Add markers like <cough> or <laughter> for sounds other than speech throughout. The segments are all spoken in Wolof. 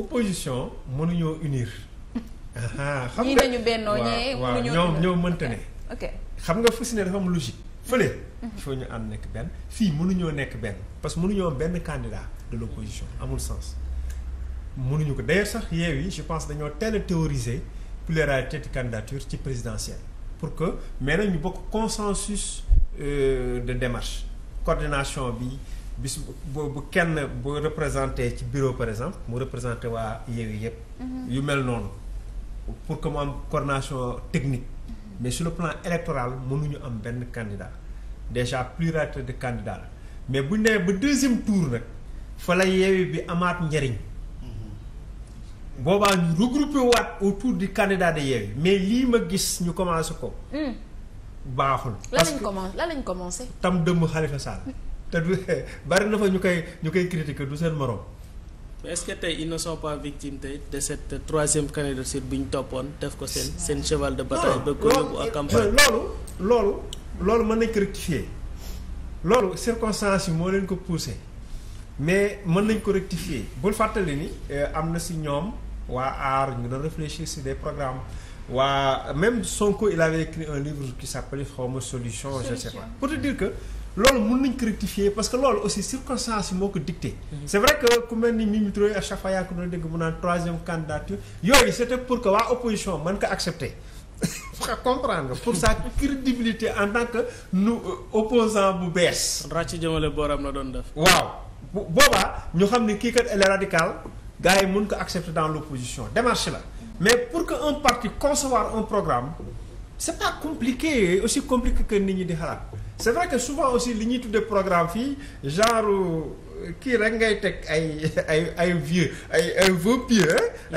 opposition mënuñoo unir. xam nga ñii bennoo ñee. waaw ñoom ñoo mënta ne. ok xam nga fu si ne dafa am logique. fële. Mhm. il ñu am nekk benn fii mënuñoo nekk benn parce que mënuñoo benn candidat de l' opposition amul sens. mënuñu ko d'ailleurs sax yeew yi je pense dañoo teel a théoriser pluralité de candidature ci présidentielle pour que mais nag ñu bokk consensus euh, de démarche coordination bi. bis bu bu kenn bu représenté ci bureau par exemple mu représenté waa yeewi yëpp. Mhm. yu mel noonu pour que mu technique. Mhm. mais sur le plan électoral mënuñu am benn candidat déjà pluralité de candidats la mais bu ñu nee ba deuxième tour nag fa la yeewi bi amaat njariñ. Mhm. boobaa ñu regroupé waat autour du candidat de yeewi mais lii ma gis ñu commencé ko. Hmm. baaxul. parce que lan lañ commencé tam dëmm Khalifa Sall. Hmm. te du <laughs> bari na fa ñu koy ñu koy critiquer du seen morom. mais est-ce tey ils ne sont pas victimes tey de cette troisième candidature bi ñu toppoon def ko seen seen cheval de bataille. bëgg ko yóbbu ak loolu loolu loolu mën nañ ko rectifier loolu circonstances yi moo leen ko poussé mais mën nañ ko rectifier bul fàttali ni euh, am na si ñoom waa aar ñu doon réfléchir si des programmes waa même Sonko il avait écrit un livre qui solution je pour te dire que loolu mën nañ ko rectifier parce que loolu aussi circonstance yi moo ko dicté. c' est vrai que ku mel ni Mimi Touré à chaque fois yaa ko doon dégg mu naan troisième candidature yooyu c' était pour que waa opposition mën ko accepter. <laughs> comprendre nga pour sa crédibilité en tant que nu euh, opposant bu bees. ràcc jëmale booram la doon def. waaw bu boobaa ñu xam ne kii kat elle est radicale gars yi mën ko accepter dans l' opposition démarche la mais pour que un parti concevoir un programme c' est pas compliqué aussi compliqué que nit ñi di c'est vrai que souvent aussi li ñuy tuddee programme fii genre euh, kii rek ngay teg ay <laughs> ay ay vieux ay ay vœux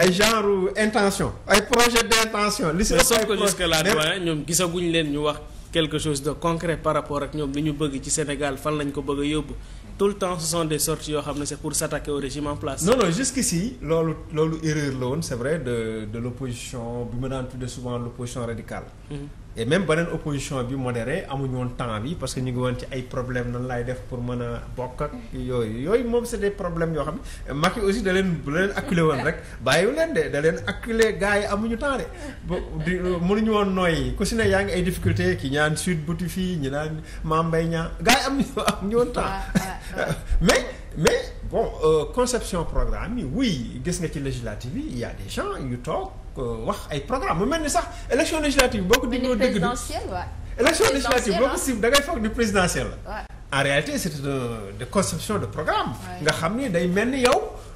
ay genre intention ay projet d'intention. li si sauf que jusque là ñoom gisaguñ leen ñu wax quelque chose de concret par rapport ak ñoom li ñu bëgg ci Sénégal fan lañ ko bëgg a yóbbu. tout le temps ce sont des sorties yoo xam ne c'est pour s'attaquer au régime en place. non non si loolu loolu erreur la woon c'est vrai de de l'opposition bi ma daan tuddee souvent l'opposition radicale. Mhm. et même beneen opposition bi modéré amuñu woon temps bi parce que ñu ngi woon ci ay problème nan laay def pour mën a bokk ak yooyu yooyu moom c'est des problèmes yoo xam ne Macky aussi da leen da leen acculé woon rek bàyyiwu leen de da leen acculé gars yi amuñu temps de ba di mënuñu woon nooy ku si ne yaa ngi ay difficulté ki ñaan sud buti fii ñu naan Mame Mbaye Niang gars yi amuñu amuñu woon temps <laughs> mais mais bon euh, conception programme yi wuy gis nga ci législative yi il y a des gens Euh, wax ay programme mu mel ni sax élection législative boo ko dégloo dëgg élection législative boo ko si da ngay foog ni présidentielle en réalité c'est euh, de, conception de programme nga xam ni day mel ni yow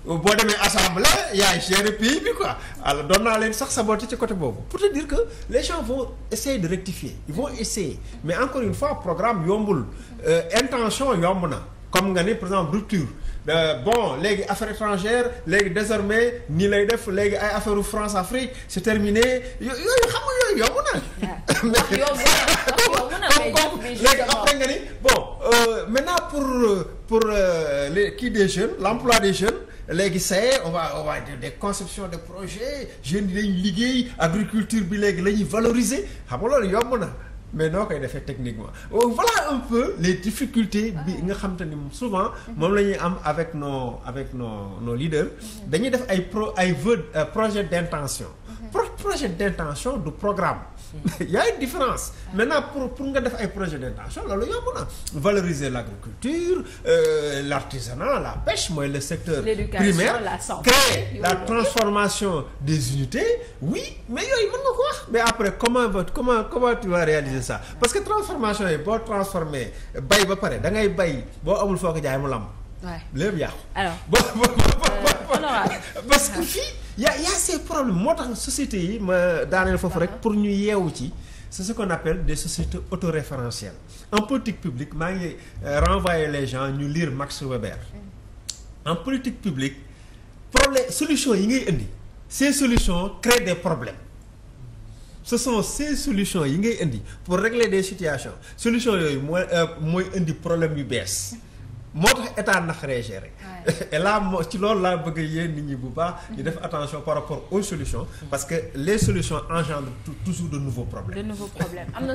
euh, boo demee assemblée yaay gérer pays bi quoi alors doon naa leen sax saboté ci côté boobu pour te dire que les gens vont essayer de rectifier ils vont essayer mais encore une fois programme yombul euh, intention yomb na comme nga ni par exemple rupture Euh, bon léegi affaires étrangères léegi désormais nii lay def léegi ay affaires France Afrique c'est terminé yooyu xam yooyu yomb na. waaw léegi après nga ni bon euh, maintenant pour pour euh, les kii des jeunes l'emploi des jeunes. léegi c'est on va on va des conceptions de projet jeune yi dañuy liggéey agriculture bi léegi la ñuy valoriser xam nga loolu yomb na. mais noo koy defee techniquement oh, voilà un peu les difficultés bi ah. nga xam te ni souvent moom la ñuy am avec nos avec nos nos leaders mm-hmm. dañuy def ay pro ay vœux euh, projet d'intention projet d'intention du programme il y a une différence maintenant pour pour nga def ay projet d'intention loolu yomb na valoriser l'agriculture euh, la pêche mooy le secteur primaire la santé, créer la transformation des unités oui mais yooyu mën nga ko wax mais après comment va comment comment tu vas réaliser ça parce que transformation yi boo transformer bay ba pare da ngay bay boo amul foo jaay mu lamb lépp yàqu <laughs> parce que fii yaa yaa ces problèmes moo tax sociétés yi ma daaneel foofu rek ah. pour ñu yeewu ci c'est ce qu'on appelle des sociétés autoréférentielles en politique publique maa ngi euh, renvoyer les gens ñu liir Max Weber mm. en politique publique problème solution yi ngay indi ces solution créent des problème ce sont ces solutions yi ngay indi pour réglé des situation solutions yooyu mooy euh, mooy indi problème yu bees moo tax état naqaree gérer <laughs> et là moo ci loolu laa bëgg yéen nit ñi bu baax ñu mm-hmm. def attention par rapport aux solutions parce que les solutions engendrent toujours de nouveaux problèmes de nouveaux problèmes